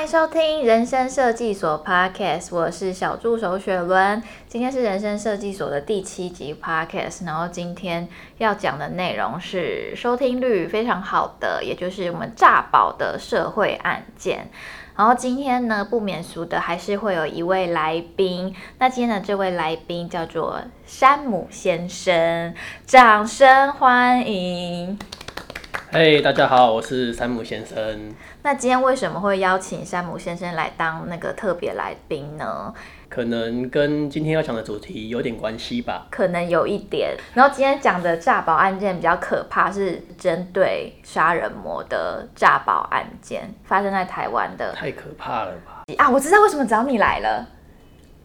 歡迎收聽《人生設計所》Podcast，我是小助手雪倫。今天是《人生設計所》的第七集 Podcast，然後今天要講的內容是收聽率非常好的，也就是我們詐保的社會案件。然後今天呢，不免俗的還是會有一位來賓。那今天的這位來賓叫做山姆先生，掌聲歡迎。嘿，hey, 大家好，我是山姆先生。那今天為什麼會邀請山姆先生來當那個特別來賓呢？可能跟今天要講的主題有點關係吧。可能有一點。然後今天講的詐保案件比較可怕，是針對殺人魔的詐保案件，發生在台灣的，太可怕了吧？啊，我知道為什麼找你來了。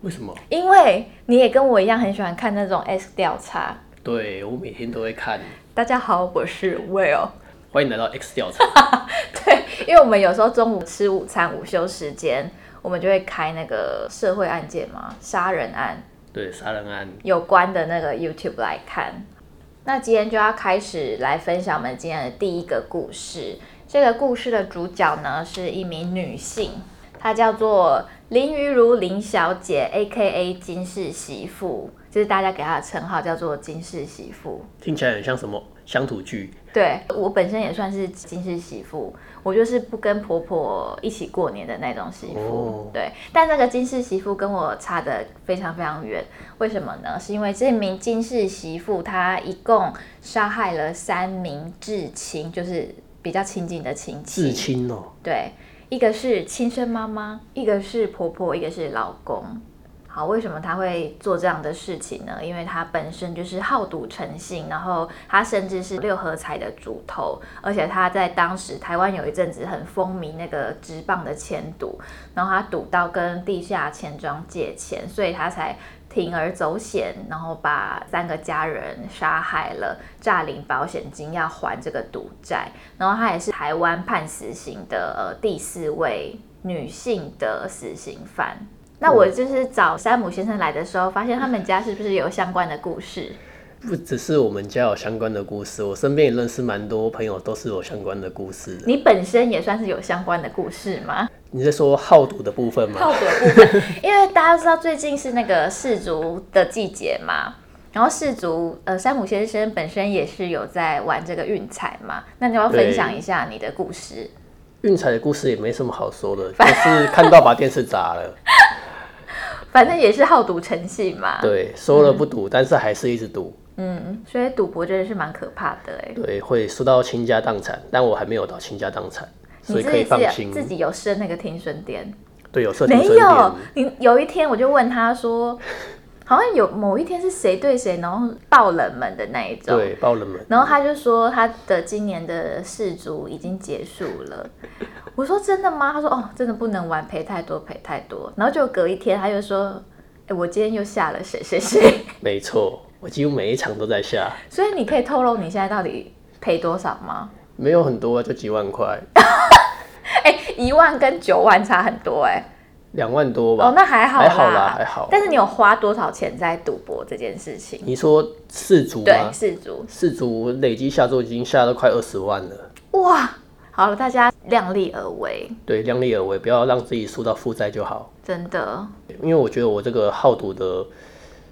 為什麼？因為你也跟我一樣很喜歡看那種 S 調查。對，我每天都會看。大家好，我是 Will，哦。歡迎來到 X 調查。 對，因為我們有時候中午吃午餐、午休時間，我們就會開那個社會案件嘛，殺人案，對，殺人案有關的那個 YouTube 來看。那今天就要開始來分享我們今天的第一個故事。這個故事的主角呢，是一名女性，她叫做林於如林小姐，A K A 驚世媳婦，就是大家給她的稱號叫做驚世媳婦。聽起來很像什麼？鄉土劇。對，我本身也算是驚世媳婦，我就是不跟婆婆一起過年的那種媳婦。哦、對，但那個驚世媳婦跟我差得非常非常遠，為什麼呢？是因為這名驚世媳婦她一共殺害了三名至親，就是比較親近的親戚。至親哦。對，一個是親生媽媽，一個是婆婆，一個是老公。好，為什麼他會做這樣的事情呢？因為他本身就是好賭成性，然後他甚至是六合彩的組頭。而且他在當時台灣有一陣子很風靡那個職棒的簽賭，然後他賭到跟地下錢莊借錢，所以他才鋌而走險，然後把三個家人殺害了，詐領保險金要還這個賭債，然後他也是台灣判死刑的呃第四位女性的死刑犯。那我就是找山姆先生來的時候，發現他們家是不是有相關的故事？嗯，不只是我們家有相關的故事，我身邊也認識蠻多朋友都是有相關的故事的。你本身也算是有相關的故事嗎？你在說好賭的部分嗎？好賭的部分，因為大家都知道最近是那個世足的季節嘛，然後世足呃，山姆先生本身也是有在玩這個運彩嘛。那你要分享一下你的故事？運彩的故事也沒什麼好說的，就 是看到把電視砸了。 反正也是好賭成性嘛。對，說了不賭，嗯、但是還是一直賭。嗯，所以賭博真的是蠻可怕的。對，會輸到傾家蕩產，但我還沒有到傾家蕩產，所以可以放心。自己，自己有設那個停損點。對，有設停損點。沒有，你有一天我就問他說。 好像有某一天是誰對誰，然後爆冷門的那一種。對，爆冷門。然後他就說他的今年的世足已經結束了。 我說真的嗎？他說哦，真的不能玩，賠太多賠太多。然後就隔一天他又說，哎、欸，我今天又下了誰誰誰。沒錯，我幾乎每一場都在下。所以你可以透露你現在到底賠多少嗎？沒有很多、啊，就幾萬塊 、欸。一萬跟九萬差很多哎、欸。兩萬多吧。哦，那還好，還好啦，還好。但是你有花多少錢在賭博這件事情？你說四組，對，四組，四組，累積下注已經下到快二十萬了。哇，好了，大家量力而為。對，量力而為，不要讓自己輸到負債就好。真的。因為我覺得我這個好賭的，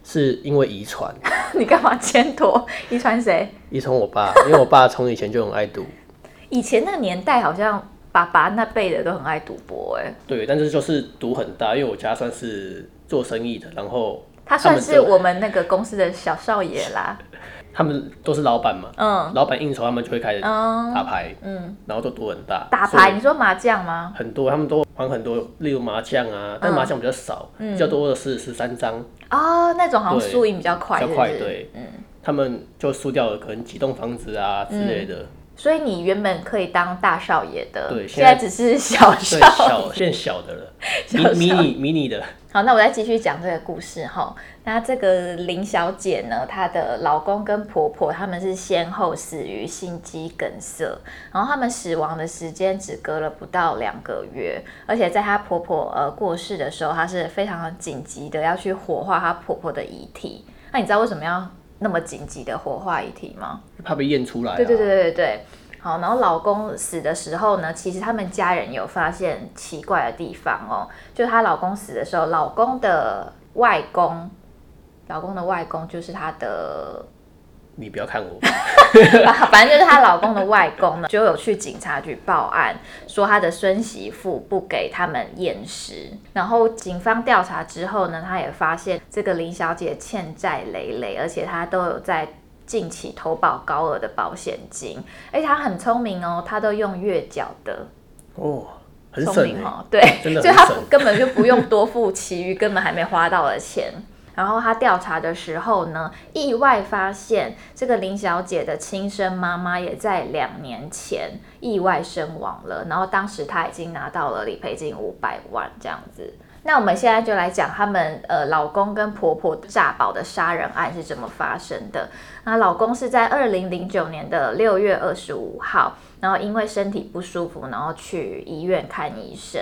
是因為遺傳。 你幹嘛牽拖？遺傳誰？遺傳我爸，因為我爸從以前就很愛賭。 以前那個年代好像。爸爸那輩的都很愛賭博、欸，哎，對，但是就是賭很大，因為我家算是做生意的，然後他，他算是我們那個公司的小少爺啦。 他們都是老闆嘛，嗯，老闆應酬他們就會開始打牌，嗯，嗯然後就賭很大。打牌，你說麻將嗎？很多，他們都玩很多，例如麻將啊，但麻將比較少，嗯嗯、比較多的是十三張。哦，那種好像輸贏比，比較快，較快，對，嗯，他們就輸掉了，可能幾棟房子啊之類的。嗯所以你原本可以當大少爺的。對，現在，現在只是小少爺，小，現在小的了，迷迷你、迷你的。好，那我再繼續講這個故事哈。那這個林小姐呢，她的老公跟婆婆他們是先後死於心肌梗塞，然後他們死亡的時間只隔了不到兩個月，而且在她婆婆呃過世的時候，她是非常緊急的要去火化她婆婆的遺體。那你知道為什麼要？那麼緊急的火化遺體嗎？怕被驗出來啊。對對對對對，好，然後老公死的時候呢，其實他們家人有發現奇怪的地方哦，就她老公死的時候，老公的外公，老公的外公就是他的。你不要看我， 反正就是她老公的外公呢，就有去警察局報案，說她的孫媳婦不給他們驗屍。然後警方調查之後呢，他也發現這個林小姐欠債累累，而且她都有在近期投保高額的保險金。而且她很聰明哦，她都用月繳的，哦，很、欸、聰明哦，對，所以她根本就不用多付其餘， 其餘根本還沒花到的錢。然後他調查的時候呢，意外發現這個林小姐的親生媽媽也在兩年前意外身亡了。然後當時她已經拿到了理賠金五百萬這樣子。那我們現在就來講他們呃老公跟婆婆詐保的殺人案是怎麼發生的。那老公是在二零零九年的六月二十五號，然後因為身體不舒服，然後去醫院看醫生。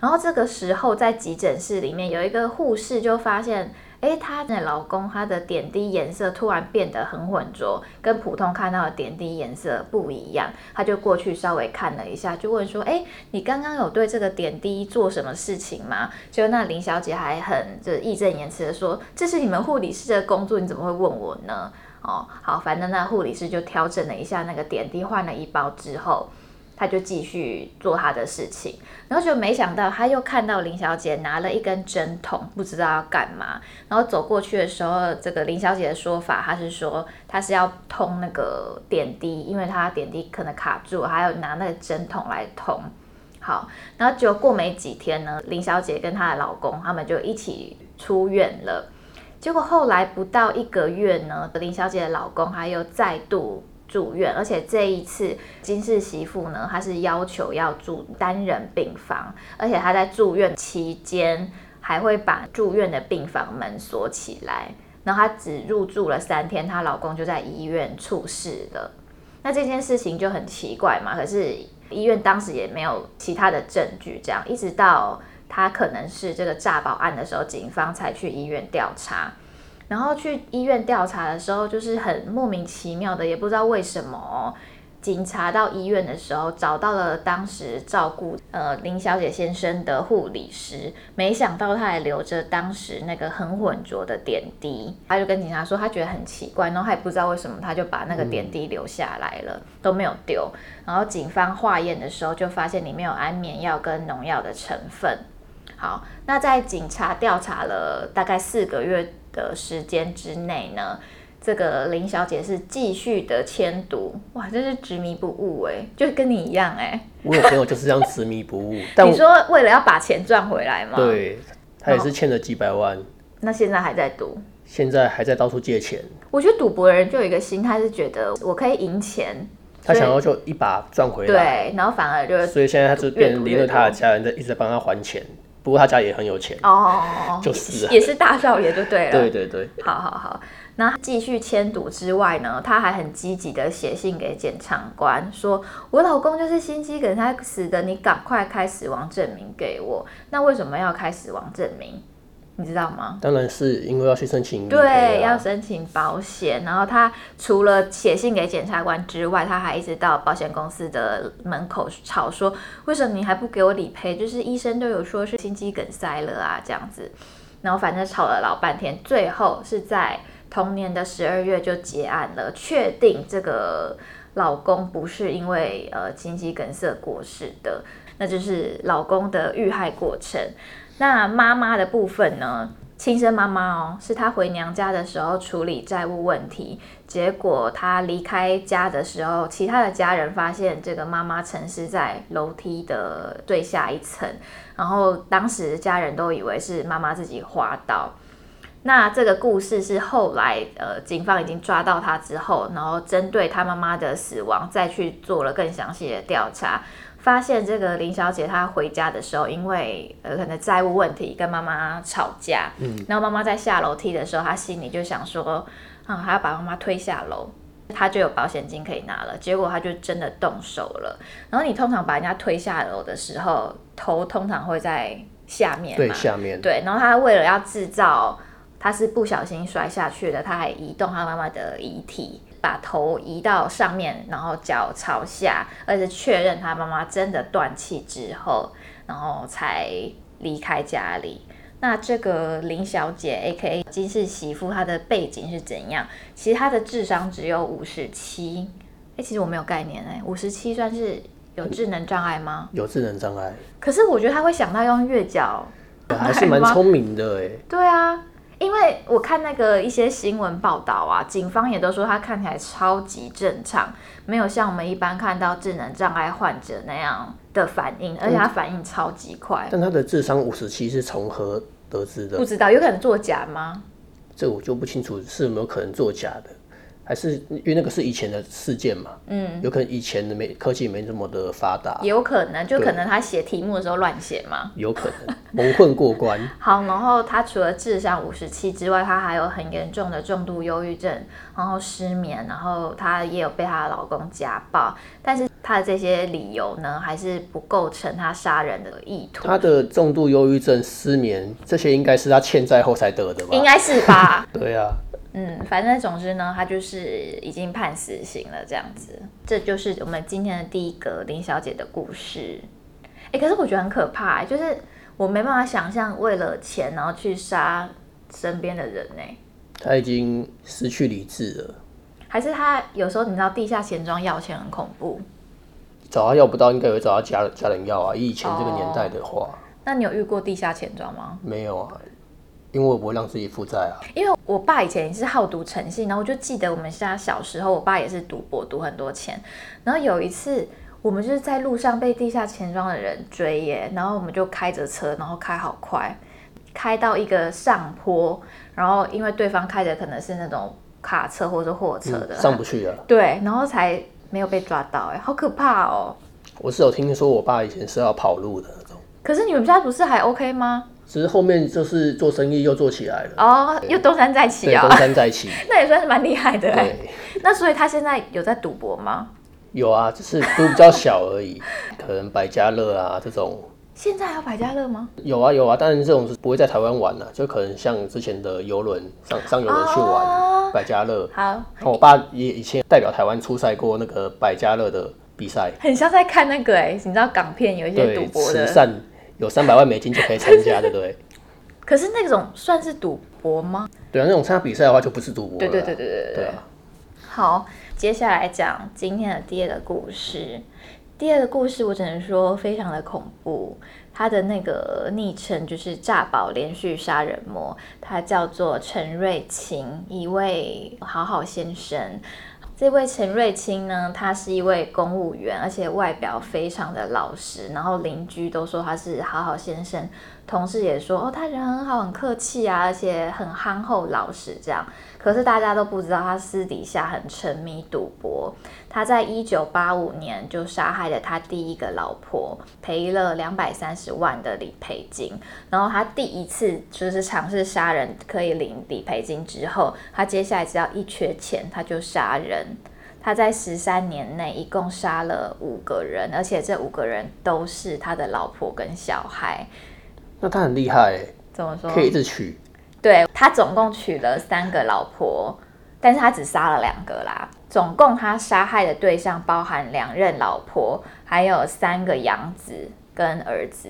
然後這個時候在急診室裡面有一個護士就發現。誒，她的老公，他的點滴顏色突然變得很渾濁，跟普通看到的點滴顏色不一樣。他就過去稍微看了一下，就問說：“誒，你剛剛有對這個點滴做什麼事情嗎？”就那林小姐還很就義正言辭的說：“這是你們護理師的工作，你怎麼會問我呢？”哦，好，反正那護理師就調整了一下那個點滴，換了一包之後。他就繼續做他的事情，然後就沒想到他又看到林小姐拿了一根針筒，不知道要幹嘛。然後走過去的時候，這個林小姐的說法，她是說她是要通那個點滴，因為她點滴可能卡住，還要拿那個針筒來通。好，然後就過沒幾天呢，林小姐跟她的老公他們就一起出院了。結果後來不到一個月呢，林小姐的老公他又再度。住院，而且這一次驚世媳婦呢，她是要求要住單人病房，而且她在住院期間還會把住院的病房門鎖起來。然後她只入住了三天，她老公就在醫院出事了。那這件事情就很奇怪嘛，可是醫院當時也沒有其他的證據，這樣一直到她可能是這個詐保案的時候，警方才去醫院調查。然後去醫院調查的時候，就是很莫名其妙的，也不知道為什麼、哦。警察到醫院的時候，找到了當時照顧呃林小姐先生的護理師，沒想到他還留着當時那個很渾濁的點滴。他就跟警察說，他覺得很奇怪，然後他也不知道為什麼，他就把那個點滴留下來了，嗯、都沒有丟。然後警方化驗的時候，就發現裡面有安眠藥跟農藥的成分。好，那在警察調查了大概四個月的時間之內呢，這個林小姐是繼續的簽賭，哇，真是執迷不悟哎、欸，就跟你一樣哎、欸，我有朋友就是這樣執迷不悟。 但我你說為了要把錢賺回來嗎？對，他也是欠了幾百萬，哦、那現在還在賭，現在還在到處借錢。我覺得賭博的人就有一個心態，是覺得我可以贏錢，他想要就一把賺回來，對，然後反而就是月月，所以現在他就變成了他的家人，在一直幫他還錢。不過他家也很有錢哦，oh, 就是也是大少爺就對了， 對對對，好好好，那繼續簽賭之外呢，他還很積極的寫信給檢察官，說我老公就是心肌梗塞死的，你趕快開死亡證明給我。那為什麼要開死亡證明？你知道嗎？當然是因為要去申請，啊，對，要申請保險。然後他除了寫信給檢察官之外，他還一直到保險公司的門口吵說：“為什麼你還不給我理賠？”就是醫生都有說是心肌梗塞了啊，這樣子。然後反正吵了老半天，最後是在同年的十二月就結案了，確定這個老公不是因為呃心肌梗塞過世的。那就是老公的遇害過程。那媽媽的部分呢？親生媽媽哦，是她回娘家的時候處理債務問題，結果她離開家的時候，其他的家人發現這個媽媽沉屍在樓梯的最下一層。然後當時家人都以為是媽媽自己滑倒。那這個故事是後來呃，警方已經抓到她之後，然後針對她媽媽的死亡再去做了更詳細的調查。發現這個林小姐，她回家的時候，因為呃可能債務問題跟媽媽吵架，嗯，然後媽媽在下樓梯的時候，她心裡就想說，啊、嗯，還要把媽媽推下樓，她就有保險金可以拿了。結果她就真的動手了。然後你通常把人家推下樓的時候，頭通常會在下面嘛？對，下面。對，然後她為了要制造她是不小心摔下去的，她還移動她媽媽的遺體。把頭移到上面，然後腳朝下，而且確認他媽媽真的斷氣之後，然後才離開家裡。那這個林小姐，A K A 驚世媳婦，她的背景是怎樣？其實她的智商只有五十七。哎、欸，其實我沒有概念哎、欸，五十七算是有智能障礙嗎？有智能障礙。可是我覺得她會想到用月繳，來、啊、是蠻聰明的哎、欸。對啊。因為我看那個一些新聞報道啊，警方也都說他看起來超級正常，沒有像我們一般看到智能障礙患者那樣的反應，嗯、而且他反應超級快。但他的智商五十七是從何得知的？不知道，有可能作假嗎？這我就不清楚，是有沒有可能作假的。還是因為那個是以前的事件嘛，嗯，有可能以前的沒科技沒那麼的發達，有可能就可能他寫題目的時候亂寫嘛，有可能蒙混過關。 好，然後他除了智商五十七之外，他還有很嚴重的重度憂鬱症，然後失眠，然後他也有被她的老公家暴，但是他的這些理由呢，還是不構成他殺人的意圖。對他的重度憂鬱症、失眠這些，應該是他欠債後才得的吧？應該是吧？ 對啊。嗯，反正總之呢，他就是已經判死刑了，這樣子。這就是我們今天的第一個林小姐的故事。哎、欸，可是我覺得很可怕、欸，就是我沒辦法想象，為了錢然後去殺身邊的人呢、欸。他已經失去理智了，還是他有時候？你知道地下錢莊要錢很恐怖，找他要不到，應該會找他家人，家人要啊。以前這個年代的話，哦、那你有遇過地下錢莊嗎？沒有啊。因為我不會讓自己負債啊。因為我爸以前也是好賭成性，然後我就記得我們家小時候，我爸也是賭博賭很多錢。然後有一次，我們就是在路上被地下錢莊的人追耶，然後我們就開着車，然後開好快，開到一個上坡，然後因為對方開的可能是那種卡車或者貨車的、嗯，上不去啊。對，然後才沒有被抓到，哎，好可怕哦、喔。我是有聽說我爸以前是要跑路的那種。可是你們家不是還 OK 嗎？只是後面就是做生意又做起來了哦，又東山再起啊、哦！東山再起， 那也算是蠻厲害的。哎對那所以他現在有在賭博嗎？有啊，就是都比較小而已， 可能百家樂啊這種。現在還有百家樂嗎？有啊有啊，當然、啊、這種是不會在台灣玩了、啊，就可能像之前的遊輪上上遊輪去玩百家樂。好、哦哦哦哦哦，我爸也以前代表台灣出賽過那個百家樂的比賽，很像在看那個哎，你知道港片有一些賭博的。有三百萬美金就可以參加， 就是、對不對？可是那種算是賭博嗎？對啊，那種參加比賽的話就不是賭博。對對對對對，對，對，對、啊、好，接下來講今天的第二個故事。第二個故事我只能說非常的恐怖，他的那個昵稱就是詐保連續殺人魔，他叫做陳瑞欽，一位好好先生。這位陳瑞清呢，他是一位公務員，而且外表非常的老實，然後鄰居都說他是好好先生，同事也說哦，他人很好，很客氣啊，而且很憨厚老實這樣。可是大家都不知道他私底下很沉迷賭博。他在一九八五年就殺害了他第一個老婆，賠了兩百三十萬的理賠金。然後他第一次就是嘗試殺人可以領理賠金之後，他接下來只要一缺錢他就殺人。他在十三年內一共殺了五個人，而且這五個人都是他的老婆跟小孩。那他很厲害欸，怎麼說？可以一直娶。對，他總共娶了三個老婆，但是他只殺了兩個啦。總共他殺害的對象包含兩任老婆，還有三個養子跟兒子，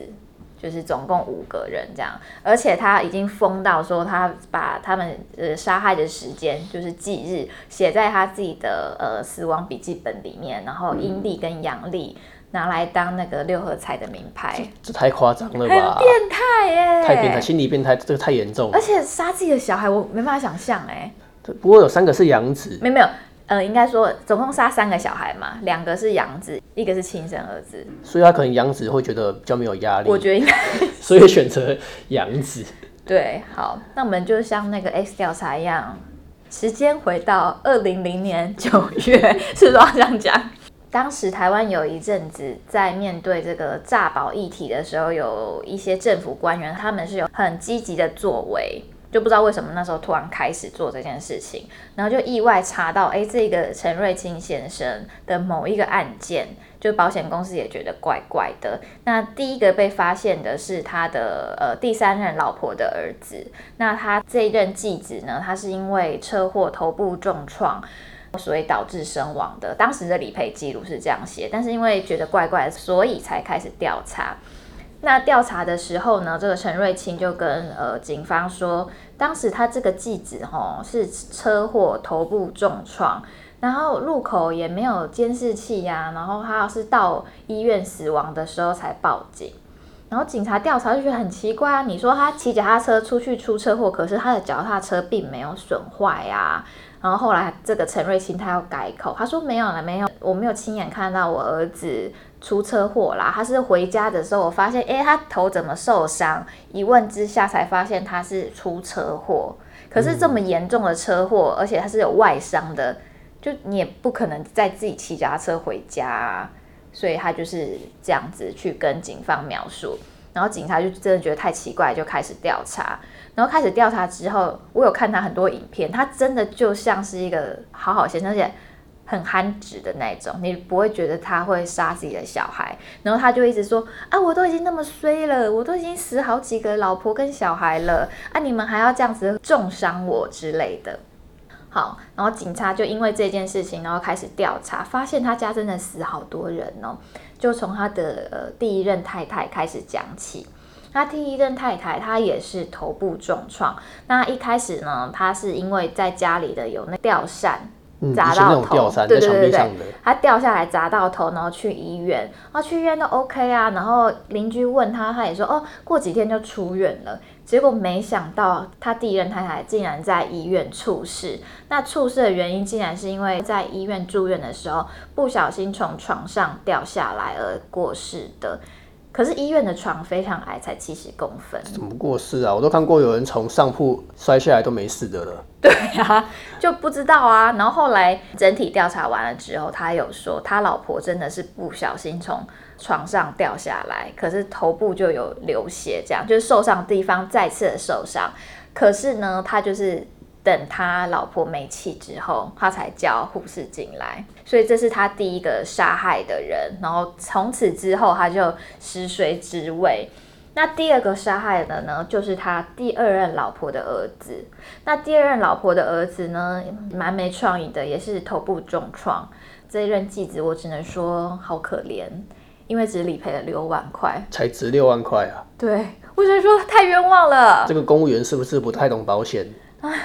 就是總共五個人這樣。而且他已經瘋到說，他把他們呃殺害的時間就是忌日寫在他自己的呃死亡筆記本裡面，然後陰曆跟陽曆拿來當那個六合彩的明牌。嗯、這，這太誇張了吧？很變態耶，欸，太變態，心理變態，這個太嚴重了。而且殺自己的小孩，我沒辦法想象哎，欸。不過有三個是養子，沒沒有。沒有呃，應該說總共殺三個小孩嘛，兩個是養子，一個是親生兒子。所以他可能養子會覺得比較沒有壓力。我覺得應該，所以選擇養子。對，好，那我們就像那個 X 調查一樣，時間回到二零零零年九月， 是不是要這樣講？ 當時台灣有一陣子在面對這個詐保議題的時候，有一些政府官員他們是有很積極的作為。就不知道為什麼那時候突然開始做這件事情，然後就意外查到，哎、欸，這個陳瑞清先生的某一個案件，就保險公司也覺得怪怪的。那第一個被發現的是他的呃第三任老婆的兒子，那他這一任繼子呢，他是因為車禍頭部重創，所以導致身亡的。當時的理賠記錄是這樣寫，但是因為覺得怪怪的，所以才開始調查。那調查的時候呢，這個陳瑞清就跟呃警方說，當時他這個繼子哈是車禍頭部重創，然後路口也沒有監視器呀、啊，然後他是到醫院死亡的時候才報警，然後警察調查就覺得很奇怪啊，你說他騎腳踏車出去出車禍，可是他的腳踏車並沒有損壞呀，然後後來這個陳瑞清他要改口，他說沒有了，沒有，我沒有親眼看到我兒子。出車禍啦！他是回家的時候，我發現，誒、欸，他頭怎麼受傷？一問之下才發現他是出車禍。可是這麼嚴重的車禍，而且他是有外傷的，就你也不可能再自己騎腳踏車回家、啊，所以他就是這樣子去跟警方描述。然後警察就真的覺得太奇怪，就開始調查。然後開始調查之後，我有看他很多影片，他真的就像是一個好好先生寫，而且。很憨直的那種，你不會覺得他會殺自己的小孩，然後他就一直說：“啊，我都已經那麼衰了，我都已經死好幾個老婆跟小孩了，啊，你們還要這樣子重傷我之類的。”好，然後警察就因為這件事情，然後開始調查，發現他家真的死好多人哦、喔，就從他的、呃、第一任太太開始講起。那第一任太太她也是頭部重創，那一開始呢，她是因為在家裡的有那個吊扇。砸到頭，對對對對，他掉下來砸到頭，然後去醫院，然後去醫院都 OK 啊，然後鄰居問他，他也說哦，過幾天就出院了。結果沒想到他第一任太太竟然在醫院猝死，那猝死的原因竟然是因為在醫院住院的時候不小心從床上掉下來而過世的。可是醫院的床非常矮，才七十公分，怎麼過世啊？我都看過有人從上鋪摔下來都沒事的了。對呀、啊，就不知道啊。然後後來整體調查完了之後，他有說他老婆真的是不小心從床上掉下來，可是頭部就有流血，這樣就是受傷的地方再次的受傷，可是呢，他就是。等他老婆沒氣之後，他才叫護士進來，所以這是他第一個殺害的人。然後從此之後，他就食髓知味。那第二個殺害的呢，就是他第二任老婆的兒子。那第二任老婆的兒子呢，蠻沒創意的，也是頭部重創。這一任繼子，我只能說好可憐，因為只理賠了六萬塊，才值六萬塊啊。對，我只能說太冤枉了。這個公務員是不是不太懂保險？哎、啊。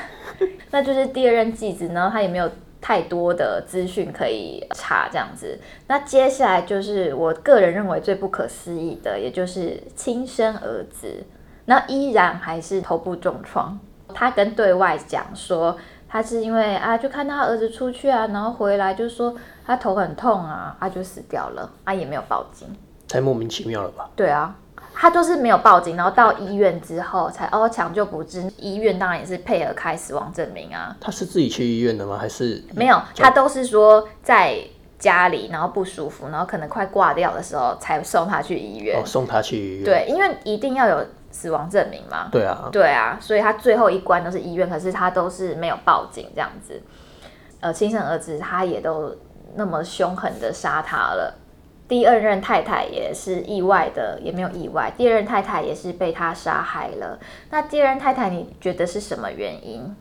那就是第二任繼子呢，他也沒有太多的資訊可以查這樣子。那接下來就是我個人認為最不可思議的，也就是親生兒子，那依然還是頭部重創。他跟對外講說，他是因為啊，就看到他兒子出去啊，然後回來就說他頭很痛啊，啊就死掉了，啊也沒有報警，太莫名其妙了吧？對啊。他就是沒有報警，然後到醫院之後才哦搶救不治。醫院當然也是配合開死亡證明啊。他是自己去醫院的嗎？還是？沒有，他都是說在家裡，然後不舒服，然後可能快掛掉的時候才送他去醫院。哦，送他去醫院。對，因為一定要有死亡證明嘛。對啊。對啊，所以他最後一關都是醫院，可是他都是沒有報警這樣子。呃，親生兒子他也都那麼兇狠的殺他了。第二任太太也是意外的，也沒有意外。第二任太太也是被他殺害了。那第二任太太，你覺得是什麼原因？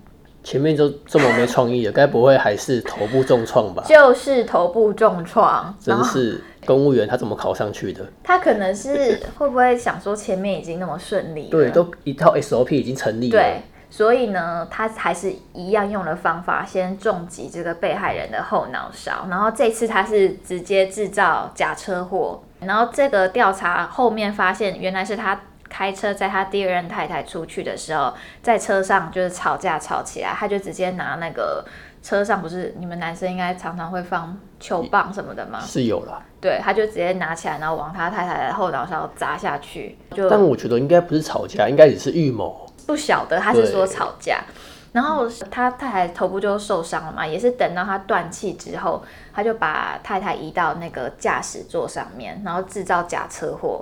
前面就這麼沒創意的，該 不會還是頭部重創吧？就是頭部重創。真是公務員，他怎麼考上去的？他可能是會不會想說前面已經那麼順利？對，都一套 SOP 已經成立了。對。所以呢，他還是一樣用了方法，先重擊這個被害人的後腦勺，然後這次他是直接製造假車禍，然後這個調查後面發現，原來是他開車在他第二任太太出去的時候，在車上就是吵架吵起來，他就直接拿那個車上，不是你們男生應該常常會放球棒什麼的嗎？是有啦，對，他就直接拿起來，然後往他太太的後腦勺砸下去。就但我覺得應該不是吵架，應該只是預謀。不曉得他是說吵架，對然後他太太頭部就受傷了嘛，也是等到他斷氣之後，他就把太太移到那個駕駛座上面，然後製造假車禍。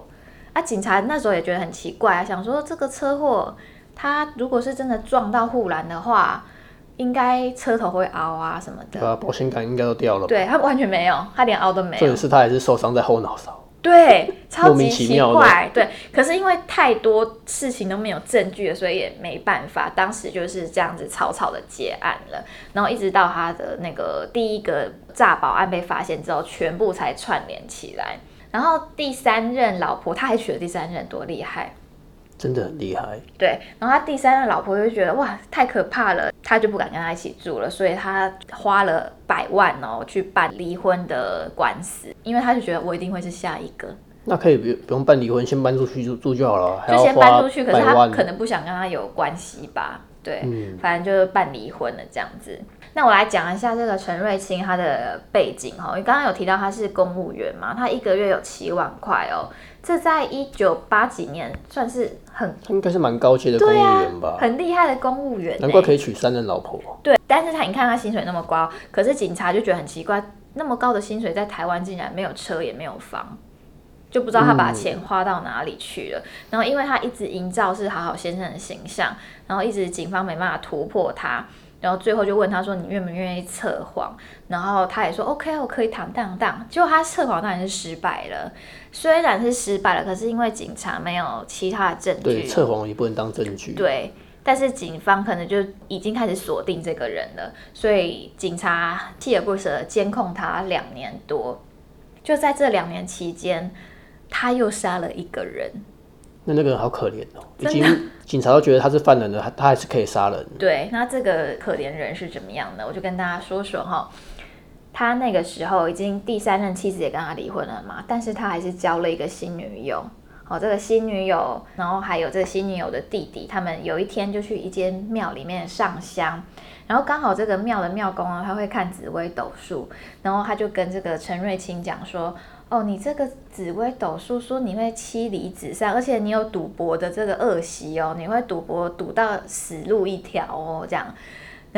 啊，警察那時候也覺得很奇怪，想說這個車禍，他如果是真的撞到護欄的話，應該車頭會凹啊什麼的。對啊，保險桿應該都掉了。對，他完全沒有，他連凹都沒有。重點是他還是受傷在後腦勺。對，超級奇怪，對。可是因為太多事情都沒有證據了，所以也沒辦法。當時就是這樣子草草的結案了，然後一直到他的那個第一個詐保案被發現之後，全部才串聯起來。然後第三任老婆，他還娶了第三任，多厲害！真的很厲害。對，然後他第三任老婆就覺得哇，太可怕了，他就不敢跟他一起住了，所以他花了百萬哦，去辦離婚的官司，因為他就覺得我一定會是下一個。那可以不，不用辦離婚，先搬出去住住就好了。還要就先搬出去，可是他可能不想跟他有關係吧？對，嗯、反正就是辦離婚了這樣子。那我來講一下這個陳瑞欽他的背景哈、哦，你剛剛有提到他是公務員嘛，他一個月有七萬塊哦。這在一九八幾年算是很，應該是蠻高階的公務員吧、啊，很厲害的公務員、欸，難怪可以娶三任老婆。對，但是他你看他薪水那麼高，可是警察就覺得很奇怪，那麼高的薪水在台灣竟然沒有車也沒有房，就不知道他把錢花到哪裡去了。嗯、然後因為他一直營造是好好先生的形象，然後一直警方沒辦法突破他，然後最後就問他說：“你願不願意測謊？”然後他也說，OK，我可以坦荡蕩。結果他測謊當然是失敗了，雖然是失敗了，可是因為警察沒有其他的證據、哦對，測謊也不能當證據。對，但是警方可能就已經開始鎖定這個人了，所以警察鍥而不舍監控他兩年多。就在這兩年期間，他又殺了一個人。那那個人好可憐哦，真的已經警察都覺得他是犯人了，他他還是可以殺人。對，那這個可憐人是怎麼樣的？我就跟大家說說哈、哦。他那個時候已經第三任妻子也跟他離婚了嘛，但是他還是交了一個新女友。哦，這個新女友，然後還有這個新女友的弟弟，他們有一天就去一間廟裡面上香，然後剛好這個廟的廟公啊，他會看紫微斗數，然後他就跟這個陳瑞欽講說，哦，你這個紫微斗數說你會妻離子散，而且你有賭博的這個惡習哦，你會賭博賭到死路一條哦，這樣。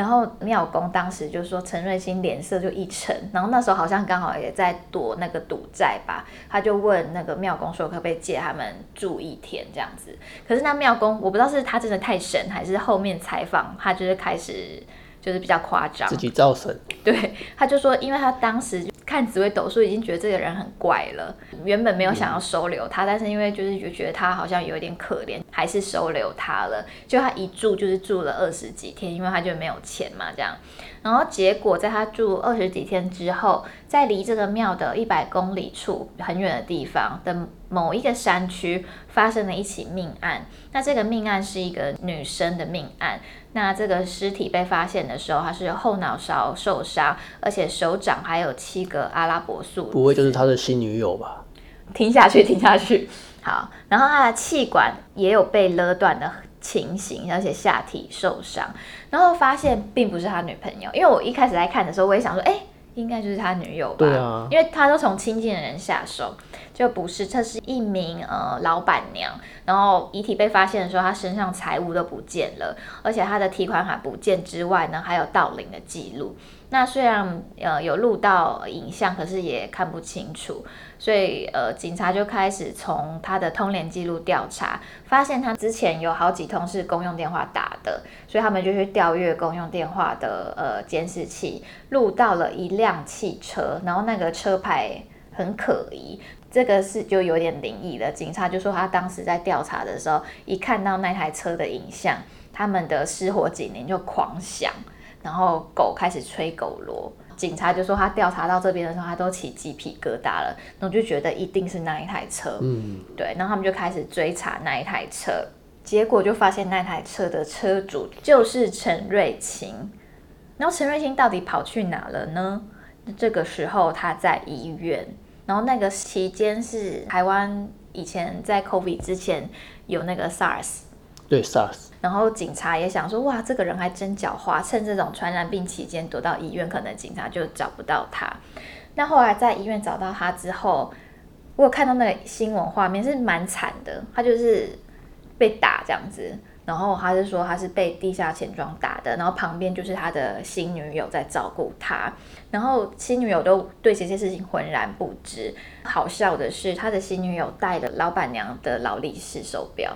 然後廟公當時就說陳瑞欽臉色就一沉，然後那時候好像剛好也在躲那個賭債吧，他就問那個廟公說可不可以借他們住一天這樣子。可是那廟公，我不知道是他真的太神，還是後面採訪他就是，開始就是比較誇張，自己造神。對，他就說因為他當時。看紫薇斗數已經覺得這個人很怪了，原本沒有想要收留他，但是因為就是就覺得他好像有點可憐，還是收留他了。就他一住就是住了二十幾天，因為他就沒有錢嘛這樣。然後結果在他住二十幾天之後，在離這個廟的一百公里處很遠的地方的某一個山區發生了一起命案。那這個命案是一個女生的命案。那這個屍體被發現的時候，他是後腦勺受傷，而且手掌還有七個阿拉伯數字，不會就是他的新女友吧？聽下去，聽下去，好。然後他的氣管也有被勒斷的情形，而且下體受傷。然後發現並不是他女朋友，因為我一開始在看的時候，我也想說，哎、欸，應該就是他女友吧？對啊，因為他都從親近的人下手。就不是，這是一名呃老板娘，然後遺體被發現的時候，她身上財物都不見了，而且她的提款卡不見之外呢，還有盜領的記錄。那雖然呃有錄到影像，可是也看不清楚，所以呃警察就開始從她的通聯記錄調查，發現她之前有好幾通是公用電話打的，所以他們就去調閱公用電話的呃監視器，錄到了一輛汽車，然後那個車牌很可疑。這個是就有點靈異的。警察就說他當時在調查的時候，一看到那台車的影像，他們的失火警鈴就狂響，然後狗開始吹狗螺。警察就說他調查到這邊的時候，他都起雞皮疙瘩了，然後就覺得一定是那一台車。嗯，對。然後他們就開始追查那一台車，結果就發現那台車的車主就是陳瑞琴。然後陳瑞琴到底跑去哪了呢？這個時候他在醫院。然後那個期間是台灣以前在 COVID 之前有那個 SARS，對 SARS。然後警察也想說，哇，這個人還真狡猾，趁這種傳染病期間躲到醫院，可能警察就找不到他。那後來在醫院找到他之後，我有看到那個新聞畫面是蠻慘的，他就是被打這樣子。然後他就說他是被地下錢莊打的，然後旁邊就是他的新女友在照顧他，然後新女友都對這些事情渾然不知。好笑的是，他的新女友戴了老闆娘的勞力士手錶，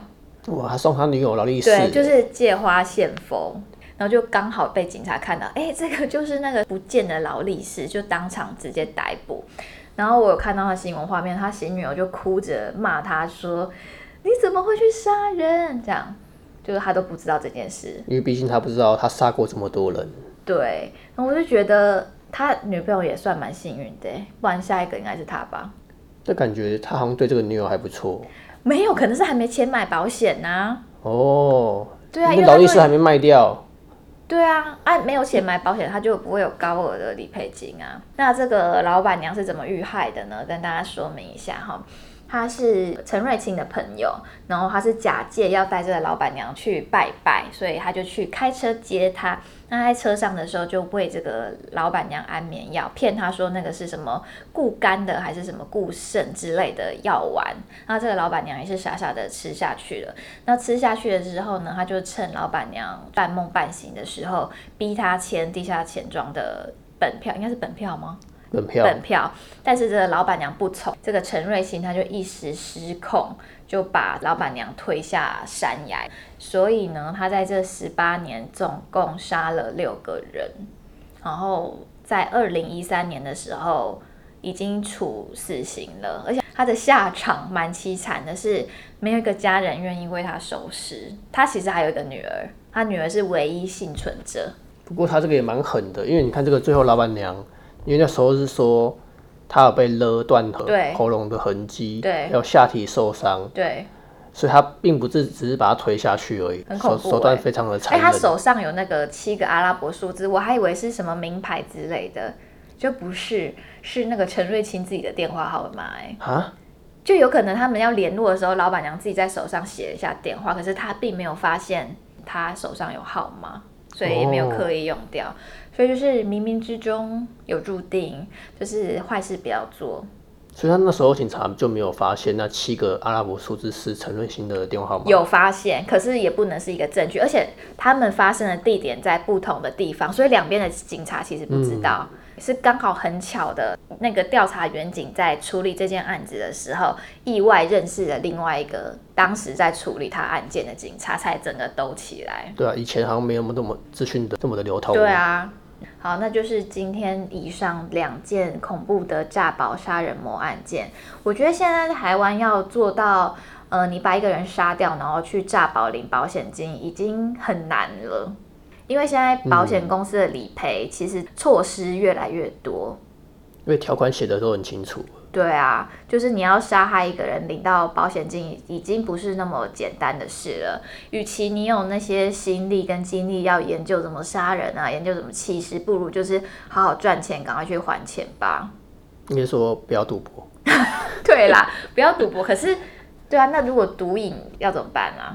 哇！還送他女友勞力士，對，就是借花獻佛，然後就剛好被警察看到，哎，這個就是那個不見的勞力士，就當場直接逮捕。然後我有看到他新聞畫面，他新女友就哭着罵他說：“你怎麼會去殺人？”這樣。就是他都不知道這件事，因為畢竟他不知道他殺過這麼多人。對，那我就覺得他女朋友也算蠻幸運的，不然下一個應該是他吧。這感覺他好像對這個女友還不錯。沒有，可能是還沒錢買保險呢、啊。哦，對啊，因為勞力士還沒賣掉。對，對啊，按、啊、沒有錢買保險，嗯、他就不會有高額的理賠金啊。那這個老闆娘是怎麼遇害的呢？跟大家說明一下哈。他是陳瑞清的朋友，然後他是假借要帶這個老闆娘去拜拜，所以他就去開車接她。那在車上的時候，就餵這個老闆娘安眠藥，騙她說那個是什麼固肝的還是什麼固腎之類的藥丸。那這個老闆娘也是傻傻的吃下去了。那吃下去了之後呢，他就趁老闆娘半夢半醒的時候，逼她簽地下錢莊的本票，應該是本票嗎？本票,本票，但是這個老板娘不從，這個陳瑞欣他就一時失控，就把老板娘推下山崖。所以呢，他在這十八年總共殺了六個人，然後在二零一三年的時候已經處死刑了。而且他的下場蠻淒慘的是，是沒有一個家人願意為他收屍。他其實還有一個女兒，他女兒是唯一幸存者。不過他這個也蠻狠的，因為你看這個最後老板娘。因為那時候是說他有被勒斷喉，喉嚨的痕跡，對，有下體受傷，對所以他並不是只是把他推下去而已，很恐怖欸，手，手段非常的殘忍。哎，欸，他手上有那個七個阿拉伯數字，我還以為是什麼名牌之類的，就不是，是那個陳瑞清自己的電話號碼，欸。啊蛤？就有可能他們要聯絡的時候，老闆娘自己在手上寫一下電話，可是他並沒有發現他手上有號碼，所以也沒有刻意用掉。哦所以就是冥冥之中有注定，就是壞事不要做。所以，他那時候警察就沒有發現那七個阿拉伯數字是陳瑞欽的電話號碼。有發現，可是也不能是一個證據，而且他們發生的地點在不同的地方，所以兩邊的警察其實不知道。嗯、是剛好很巧的，那個調查員警在處理這件案子的時候，意外認識了另外一個當時在處理他案件的警察，才整個兜起來。對啊，以前好像沒有那麼這麼資訊的這麼的流通啊。對啊。好，那就是今天以上兩件恐怖的詐保殺人魔案件。我覺得現在台灣要做到，呃，你把一個人殺掉，然後去詐保領保險金，已經很難了。因為現在保險公司的理賠其實措施越來越多，因為條款寫的得都很清楚。對啊，就是你要殺害一個人領到保險金，已經不是那麼簡單的事了。與其你有那些心力跟精力要研究怎麼殺人啊，研究怎麼棄屍，不如就是好好賺錢，趕快去還錢吧。應該說不要賭博？ 對啦，不要賭博。 可是，對啊，那如果賭癮要怎麼辦啊？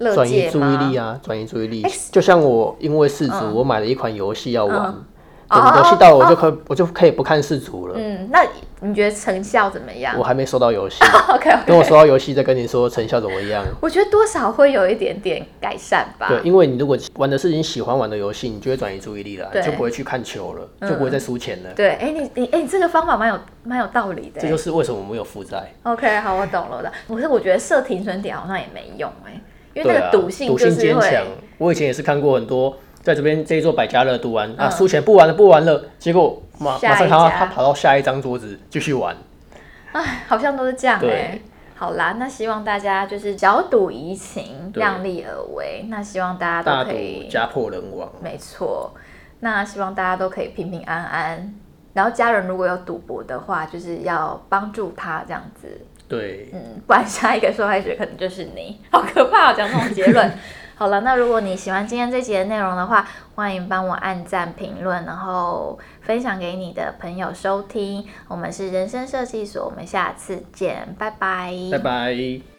樂轉移注意力啊，轉移注意力。欸、就像我因為世足，嗯、我買了一款遊戲要玩。嗯遊戲到了我就可以我就可以不看世足了。嗯，那你覺得成效怎麼樣？我還沒收到遊戲，OK，等我收到遊戲再跟你說成效怎麼樣。我覺得多少會有一點點改善吧。對，因為你如果玩的是你喜歡玩的遊戲，你就會轉移注意力了，就不會去看球了，就不會再輸錢了。對，哎，你你哎，你這個方法蠻有蠻有道理的。這就是為什麼我們有負債。OK，好，我懂了，懂了。可是我覺得設停損點好像也沒用哎，因為那個賭性賭性堅強，我以前也是看過很多。在這邊這一座百家樂賭完，嗯、啊輸錢，不玩了不玩了，結果馬下馬上他他跑到下一張桌子繼續玩。哎、啊，好像都是這樣，欸。對，好啦，那希望大家就是小賭怡情，對量力而為。那希望大家都可以家破人亡，沒錯。那希望大家都可以平平安安。然後家人如果有賭博的話，就是要幫助他這樣子。對，嗯，不然下一個受害者可能就是你，好可怕講，喔、這種結論。 好了，那如果你喜歡今天這集的內容的話，歡迎幫我按贊、評論，然後分享給你的朋友收聽。我們是人生設計所，我們下次見，拜拜，拜拜。